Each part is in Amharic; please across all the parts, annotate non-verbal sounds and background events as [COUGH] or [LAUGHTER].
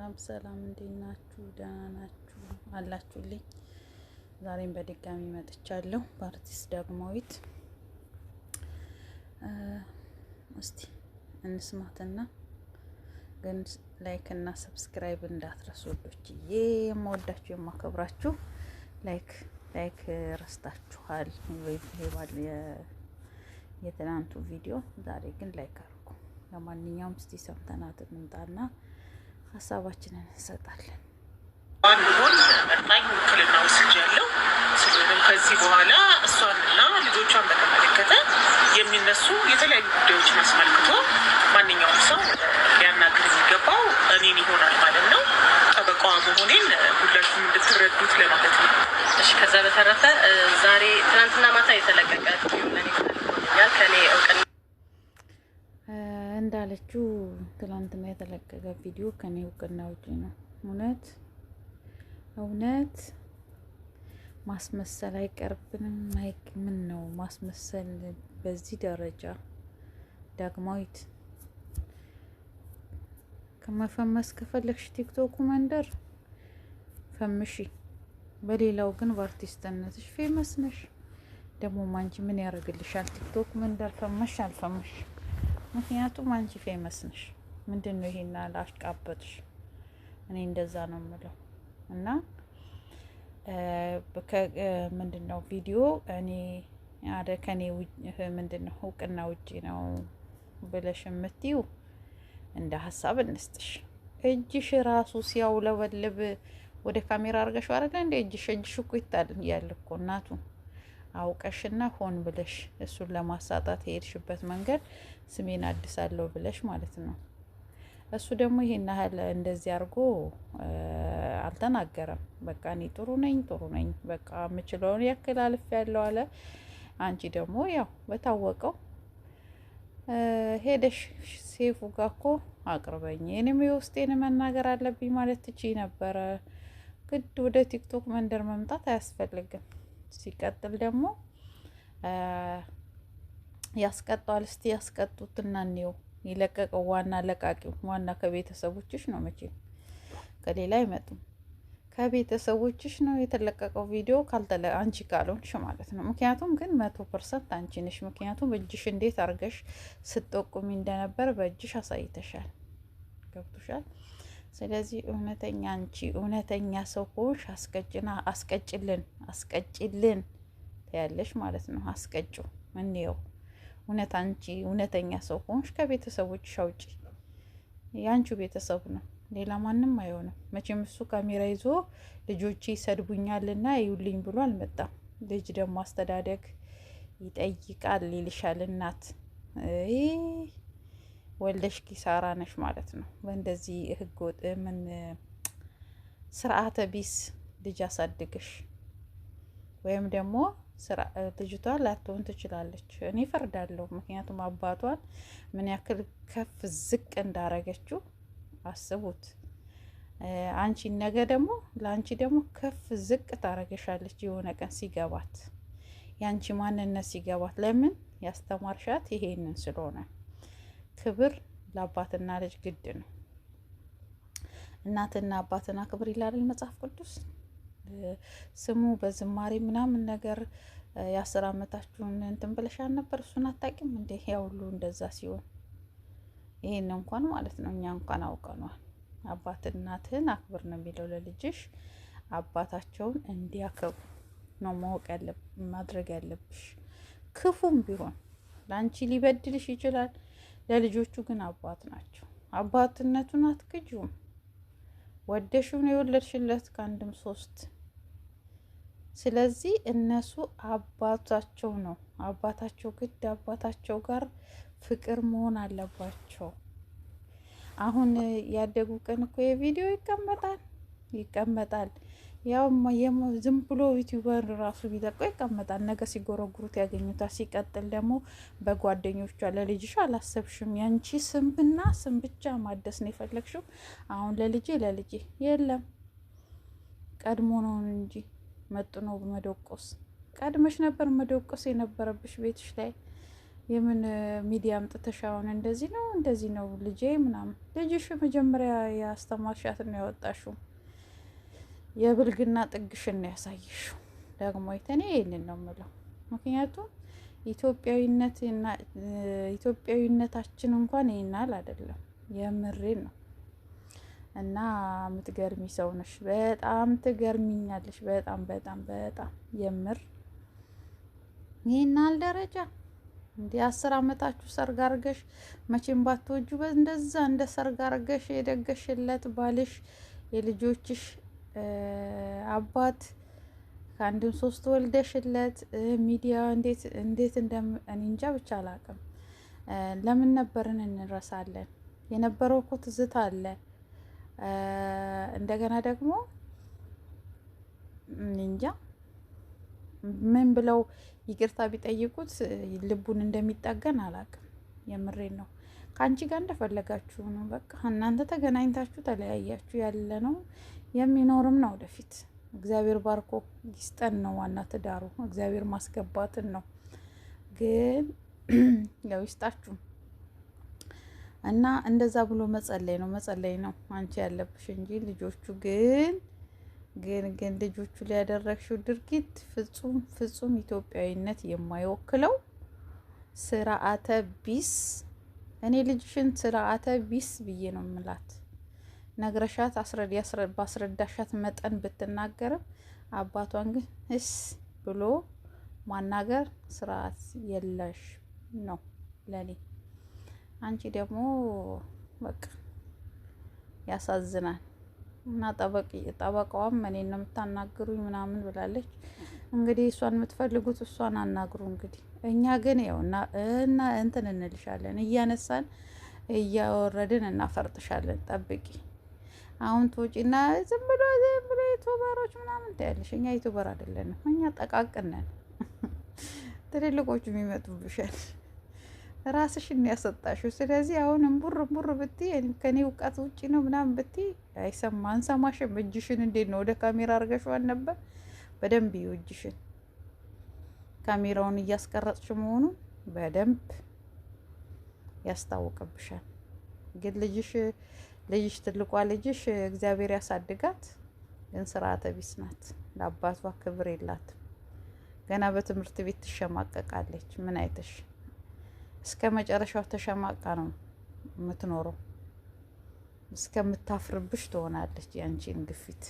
ሰላም ሰላም፣ እንዴት ናችሁ? ደህና ናችሁ አላችሁልኝ? ዛሬም በድጋሚ መጥቻለሁ በአርቲስት ዳግማዊት። እስቲ እንስማትና ግን ላይክ እና ሰብስክራይብ እንዳትረሱ ወዶችዬ፣ የማወዳችሁ የማከብራችሁ። ላይክ ላይክ ረስታችኋል ይባል የትናንቱ ቪዲዮ? ዛሬ ግን ላይክ አድርጉ። ለማንኛውም እስቲ ሰምተናት እንምጣና ሀሳባችንን እንሰጣለን። አንድ ሆን መርጣኝ ውክልና ውስጅ ያለው ስለሆነም ከዚህ በኋላ እሷንና ልጆቿን በተመለከተ የሚነሱ የተለያዩ ጉዳዮችን አስመልክቶ ማንኛውም ሰው ሊያናግር የሚገባው እኔን ይሆናል ማለት ነው። ጠበቃ መሆኔን ሁላችሁም እንድትረዱት ለማለት ነው። እሺ፣ ከዛ በተረፈ ዛሬ ትናንትና ማታ የተለቀቀ ሆነኛል ከኔ እውቅና ያለችው ትላንትና የተለቀቀ ቪዲዮ ከኔ እውቅና ውጪ ነው። እውነት እውነት ማስመሰል አይቀርብንም። ማይክ ምን ነው ማስመሰል በዚህ ደረጃ ዳግማዊት ከመፈመስ ከፈለግሽ ቲክቶኩ መንደር ፈምሺ። በሌላው ግን በአርቲስትነትሽ ፌመስ ነሽ። ደግሞ ማንቺ ምን ያደርግልሻል? ቲክቶክ መንደር ፈመሽ አልፈመሽ ምክንያቱም አንቺ ፌመስ ነሽ። ምንድን ነው ይሄን አላሽቃበጥሽ? እኔ እንደዛ ነው የምለው እና ምንድን ነው ቪዲዮ እኔ አደ ከኔ ምንድን ነው እውቅና ውጪ ነው ብለሽ የምትዩ እንደ ሀሳብ እንስጥሽ። እጅሽ ራሱ ሲያውለበልብ ወደ ካሜራ አድርገሽ አረገ እንደ እጅሽ እጅሽ እኮ ይታል ያለ እኮ አውቀሽና ሆን ብለሽ እሱን ለማሳጣት የሄድሽበት መንገድ ስሜን አድሳለሁ ብለሽ ማለት ነው። እሱ ደግሞ ይሄን ያህል እንደዚህ አድርጎ አልተናገረም። በቃ እኔ ጥሩ ነኝ ጥሩ ነኝ በቃ የምችለውን ያክል አልፍ ያለው አለ። አንቺ ደግሞ ያው በታወቀው ሄደሽ ሴፉ ጋር እኮ አቅርበኝ እኔም የውስጤን መናገር አለብኝ ማለት ትችይ ነበረ። ግድ ወደ ቲክቶክ መንደር መምጣት አያስፈልግም። ሲቀጥል ደግሞ ያስቀጠዋል። እስቲ እና እንየው። የለቀቀው ዋና ለቃቂው ዋና ከቤተሰቦችሽ ነው መቼም ከሌላ አይመጡም። ከቤተሰቦችሽ ነው የተለቀቀው ቪዲዮ ካልተለ አንቺ ካልሆንሽ ማለት ነው። ምክንያቱም ግን መቶ ፐርሰንት አንቺ ነሽ። ምክንያቱም እጅሽ እንዴት አርገሽ ስትጠቁሚ እንደነበር በእጅሽ አሳይተሻል። ገብቶሻል። ስለዚህ እውነተኛ አንቺ እውነተኛ ሰው ከሆንሽ አስቀጭና አስቀጭልን አስቀጭልን ትያለሽ ማለት ነው። አስቀጩ እንየው። እውነት አንቺ እውነተኛ ሰው ከሆንሽ ከቤተሰቦች አውጪ። የአንቺው ቤተሰብ ነው፣ ሌላ ማንም አይሆንም። መቼም እሱ ካሜራ ይዞ ልጆቼ ይሰድቡኛልና ይውልኝ ብሎ አልመጣም። ልጅ ደግሞ አስተዳደግ ይጠይቃል ይልሻል እናት ወልደሽ ኪሳራ ነሽ ማለት ነው። በእንደዚህ ህገወጥ ምን ስርዓተ ቢስ ልጅ አሳድግሽ ወይም ደግሞ ልጅቷ ላትሆን ትችላለች። እኔ ፈርዳለሁ። ምክንያቱም አባቷን ምን ያክል ከፍ ዝቅ እንዳረገችው አስቡት። አንቺ ነገ ደግሞ ለአንቺ ደግሞ ከፍ ዝቅ ታረገሻለች። የሆነ ቀን ሲገባት፣ የአንቺ ማንነት ሲገባት፣ ለምን ያስተማርሻት ይሄንን ስለሆነ ክብር ለአባትና ልጅ ግድ ነው። እናትና አባትን አክብር ይላል መጽሐፍ ቅዱስ። ስሙ በዝማሬ ምናምን ነገር የአስር አመታችሁን እንትን ብለሻል ነበር እሱን አታውቂም እንዴ? ያ ሁሉ እንደዛ ሲሆን ይህን እንኳን ማለት ነው እኛ እንኳን አውቀኗል። አባት እናትህን አክብር ነው የሚለው ለልጅሽ አባታቸውን እንዲያከብሩ ነው ማወቅ ማድረግ ያለብሽ። ክፉም ቢሆን ለአንቺ ሊበድልሽ ይችላል ለልጆቹ ግን አባት ናቸው። አባትነቱን አትክጂውም። ወደሽውን የወለድሽለት ከአንድም ሶስት። ስለዚህ እነሱ አባታቸው ነው። አባታቸው ግድ አባታቸው ጋር ፍቅር መሆን አለባቸው። አሁን ያደጉ ቀን እኮ የቪዲዮ ይቀመጣል ይቀመጣል ያው ዝም ብሎ ዩቲዩበር ራሱ ቢለቀው ይቀመጣል። ነገ ሲጎረጉሩት ያገኙታል። ሲቀጥል ደግሞ በጓደኞቿ ለልጅሽ አላሰብሽም፣ ያንቺ ስምና ስም ብቻ ማደስ ነው የፈለግሽው። አሁን ለልጄ ለልጄ የለም ቀድሞ ነው እንጂ መጡ ነው መደቆስ። ቀድመሽ ነበር መደቆስ የነበረብሽ ቤትሽ ላይ የምን ሚዲያም ጥተሻውን እንደዚህ ነው እንደዚህ ነው ልጄ ምናምን። ልጅሽ መጀመሪያ ያስተማርሻትን ነው ያወጣሽው። የብልግና ጥግሽን ነው ያሳይሽ። ደግሞ የተኔ ይህንን ነው ምለው። ምክንያቱም ኢትዮጵያዊነታችን እንኳን ይህናል አይደለም። የምሬን ነው። እና የምትገርሚ ሰው ነሽ። በጣም ትገርሚኛለሽ። በጣም በጣም በጣም የምር ይህናል ደረጃ እንደ አስር አመታችሁ ሰርግ አርገሽ መቼም ባትወጁ እንደዛ እንደ ሰርግ አርገሽ የደገሽለት ባልሽ የልጆችሽ አባት ከአንድም ሶስት ወልደሽለት ሚዲያ እንዴት እንዴት እንደእንጃ ብቻ አላቅም። ለምን ነበርን እንረሳለን? የነበረው እኮ ትዝታ አለ። እንደገና ደግሞ እንጃ ምን ብለው ይቅርታ ቢጠይቁት ልቡን እንደሚጠገን አላቅም። የምሬን ነው። ከአንቺ ጋር እንደፈለጋችሁ ነው። በቃ እናንተ ተገናኝታችሁ ተለያያችሁ ያለ ነው የሚኖርም ነው ወደፊት። እግዚአብሔር ባርኮ ይስጠን ነው ዋና ትዳሩ እግዚአብሔር ማስገባትን ነው። ግን [CLEARS THROAT] ያው ይስጣችሁ እና እንደዛ ብሎ መጸለይ ነው መጸለይ ነው አንቺ ያለብሽ እንጂ ልጆቹ ግን ግን ግን ልጆቹ ላይ ያደረግሽው ድርጊት ፍጹም ፍጹም ኢትዮጵያዊነት የማይወክለው ስርዓተ ቢስ። እኔ ልጅሽን ስርዓተ ቢስ ብዬ ነው ምላት። ነግረሻት ባስረዳሻት መጠን ብትናገርም አባቷን ግን እስ ብሎ ማናገር ስርዓት የለሽ ነው ለኔ። አንቺ ደግሞ በቃ ያሳዝናል። እና ጠበቃዋም እኔ ነው የምታናግሩኝ ምናምን ብላለች። እንግዲህ እሷን የምትፈልጉት እሷን አናግሩ። እንግዲህ እኛ ግን ያው እና እንትን እንልሻለን፣ እያነሳን እያወረድን እናፈርጥሻለን። ጠብቂ አሁን ትወጪና ዝም ብሎ ዝም ብሎ ዩቱበሮች ምናምን ታያለሽ። እኛ ዩቱበር አይደለንም፣ እኛ ጠቃቅነን ትልልቆቹ ይመጡብሻል። ራስሽን ያሰጣሽው። ስለዚህ አሁን እምቡር እምቡር ብቲ ከኔ እውቀት ውጭ ነው ምናምን ብቲ አይሰማ አንሰማሽም። እጅሽን እንዴት ነው ወደ ካሜራ አድርገሽዋል ነበር። በደንብ ይው እጅሽን ካሜራውን እያስቀረጽሽ መሆኑ በደንብ ያስታውቅብሻል። ግን ልጅሽ ልጅሽ ትልቋ ልጅሽ እግዚአብሔር ያሳድጋት፣ ግን ስርዓተ ቢስ ናት። ለአባቷ ክብር የላትም። ገና በትምህርት ቤት ትሸማቀቃለች። ምን አይተሽ? እስከ መጨረሻው ተሸማቃ ነው የምትኖረው። እስከምታፍርብሽ ትሆናለች የአንቺን ግፊት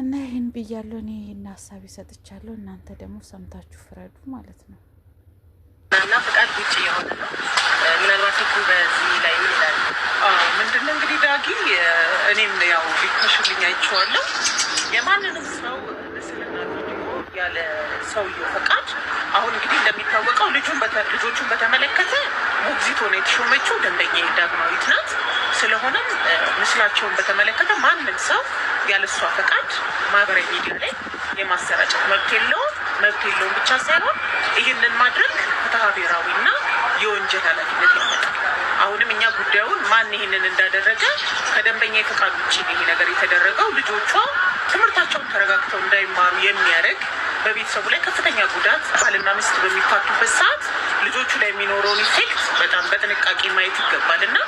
እና ይህን ብያለሁ እኔ። ይህን ሀሳብ ይሰጥቻለሁ። እናንተ ደግሞ ሰምታችሁ ፍረዱ ማለት ነው። አሳያቸዋለሁ። የማንንም ሰው ያለ ሰውየው ፈቃድ። አሁን እንግዲህ እንደሚታወቀው ልጆቹን በተመለከተ ሞግዚት ሆነ የተሾመችው ደንበኛ ዳግማዊት ናት። ስለሆነም ምስላቸውን በተመለከተ ማንም ሰው ያለሷ ፈቃድ ማህበራዊ ሚዲያ ላይ የማሰራጨት መብት የለውም። መብት የለውም ብቻ ሳይሆን ይህንን ማድረግ ፍትሐ ብሔራዊና የወንጀል ኃላፊነት ያመጣል። አሁንም እኛ ጉዳዩን ማን ይህንን እንዳደረገ ከደንበኛ የፈቃድ ውጭ ይሄ ነገር የተደረገው ልጆቿ ትምህርታቸውን ተረጋግተው እንዳይማሩ የሚያደርግ በቤተሰቡ ላይ ከፍተኛ ጉዳት ባልና ሚስት በሚፋቱበት ሰዓት ልጆቹ ላይ የሚኖረውን ኢፌክት በጣም በጥንቃቄ ማየት ይገባል እና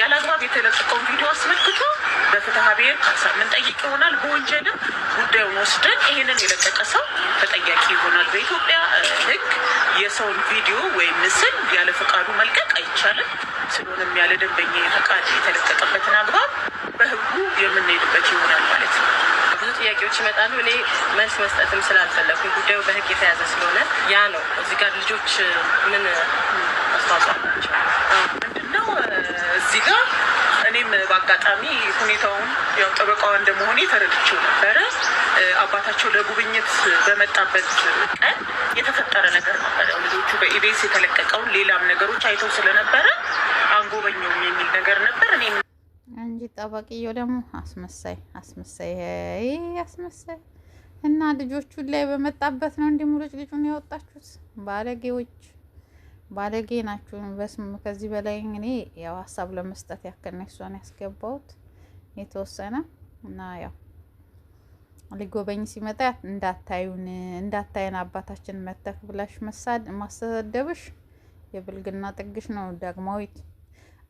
ያለ አግባብ የተለቀቀውን ቪዲዮ አስመልክቶ በፍትሐ ብሔር ካሳ ምን ጠይቅ ይሆናል በወንጀልም ጉዳዩን ወስደን ይሄንን የለቀቀ ሰው ተጠያቂ ይሆናል። በኢትዮጵያ ሕግ የሰውን ቪዲዮ ወይም ምስል ያለ ፈቃዱ መልቀቅ አይቻልም። ስለሆነም ያለ ደንበኛ ፈቃድ የተለቀቀበትን አግባብ በሕጉ የምንሄድበት ይሆናል ማለት ነው። ብዙ ጥያቄዎች ይመጣሉ። እኔ መልስ መስጠትም ስላልፈለኩ ጉዳዩ በህግ የተያዘ ስለሆነ ያ ነው። እዚህ ጋር ልጆች ምን አስተዋጽኦ አላቸው? አጋጣሚ ሁኔታውን ያው ጠበቃዋ እንደመሆኔ ተረድቼው ነበረ። አባታቸው ለጉብኝት በመጣበት ቀን የተፈጠረ ነገር ነበረ። ልጆቹ በኢቤስ የተለቀቀውን ሌላም ነገሮች አይተው ስለነበረ አንጎበኘውም የሚል ነገር ነበር። እኔ እንጂ ጠበቅየው ደግሞ አስመሳይ አስመሳይ አስመሳይ እና ልጆቹን ላይ በመጣበት ነው እንዲህ ልጁን ያወጣችሁት ባለጌዎች። ባለጌ ናችሁ። በስም ከዚህ በላይ እኔ ያው ሀሳብ ለመስጠት ያክል ነው እሷን ያስገባሁት የተወሰነ እና ያው ሊጎበኝ ሲመጣ እንዳታዩን እንዳታየን አባታችን መተክ ብላሽ መሳድ ማስተደብሽ የብልግና ጥግሽ ነው። ዳግማዊት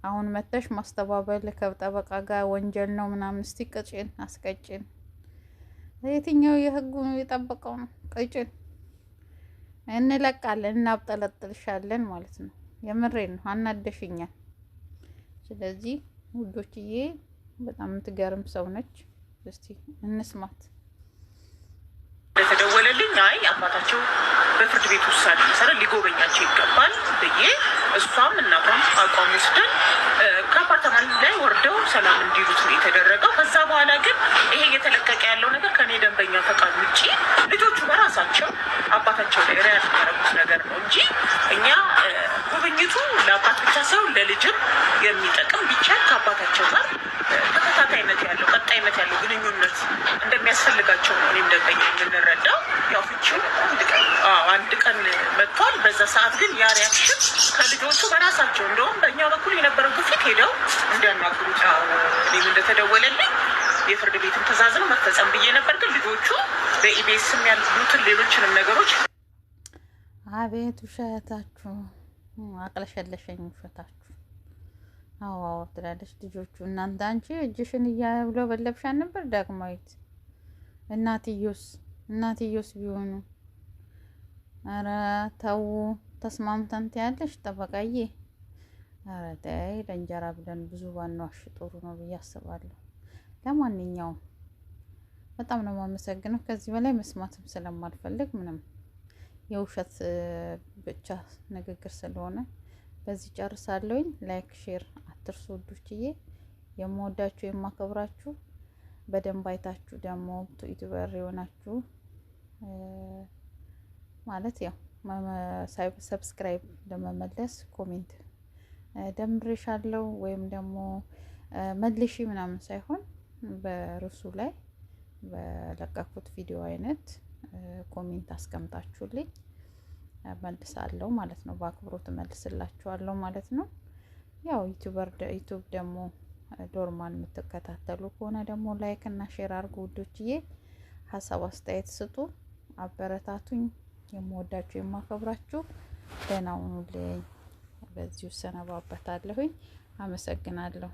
አሁን መተሽ ማስተባበል ከጠበቃ ጋር ወንጀል ነው ምናምን። እስቲ ቅጭን አስቀጭን። የትኛው የህጉ የጠበቀው ነው? ቅጭን እንለቃለን፣ እናብጠለጥልሻለን ማለት ነው። የምሬ ነው፣ አናደሽኛል። ስለዚህ ውዶችዬ በጣም የምትገርም ሰው ነች። እስቲ እንስማት። ተደወለልኝ። አይ አባታቸው በፍርድ ቤት ውሳኔ መሰረት ሊጎበኛቸው ይገባል ብዬ እሷም እናቷም አቋም ወስደን ከአፓርታማ ላይ ወርደው ሰላም እንዲሉት ነው የተደረገው። ከዛ በኋላ ግን ይሄ እየተለቀቀ ያለው ባህሪያችን ከልጆቹ በራሳቸው እንደውም በእኛ በኩል የነበረው ግፊት ሄደው እንዲያናግሩ እኔም እንደተደወለልኝ የፍርድ ቤትን ትዕዛዝ ነው መፈጸም ብዬ ነበር። ግን ልጆቹ በኢቢኤስም ያሉትን ሌሎችንም ነገሮች አቤት ውሸታችሁ አቅለሸለሸኝ፣ ውሸታችሁ አዎ ትላለች። ልጆቹ እናንተ አንቺ እጅሽን እያብሎ በለብሻን ነበር ዳግማዊት። እናትዮስ እናትዮስ ቢሆኑ ኧረ ተው ተስማምተን ትያለሽ ጠበቃዬ? ኧረ ተይ ለእንጀራ ብለን ብዙ ባናዋሽ ጥሩ ነው ብዬ አስባለሁ። ለማንኛውም በጣም ነው የማመሰግነው። ከዚህ በላይ መስማትም ስለማልፈልግ ምንም የውሸት ብቻ ንግግር ስለሆነ በዚህ ጨርሳለሁኝ። ላይክ ሼር አትርሱ ውዶችዬ። የምወዳችሁ የማከብራችሁ በደንብ አይታችሁ ደግሞ ዩቲዩበር የሆናችሁ ማለት ያው ሰብስክራይብ ለመመለስ ኮሜንት ደምሬሻለሁ ወይም ደግሞ መልሺ ምናምን ሳይሆን በርዕሱ ላይ በለቀኩት ቪዲዮ አይነት ኮሜንት አስቀምጣችሁልኝ መልሳለሁ ማለት ነው። በአክብሮት መልስላችኋለሁ ማለት ነው። ያው ዩቲዩበር ዩቲዩብ ደግሞ ዶርማን የምትከታተሉ ከሆነ ደግሞ ላይክ እና ሼር አድርጉ ውዶችዬ። ሀሳብ አስተያየት ስጡ፣ አበረታቱኝ። የምወዳችሁ የማከብራችሁ፣ ደህና ሁኑልኝ። በዚሁ ሰነባበታለሁኝ። አመሰግናለሁ።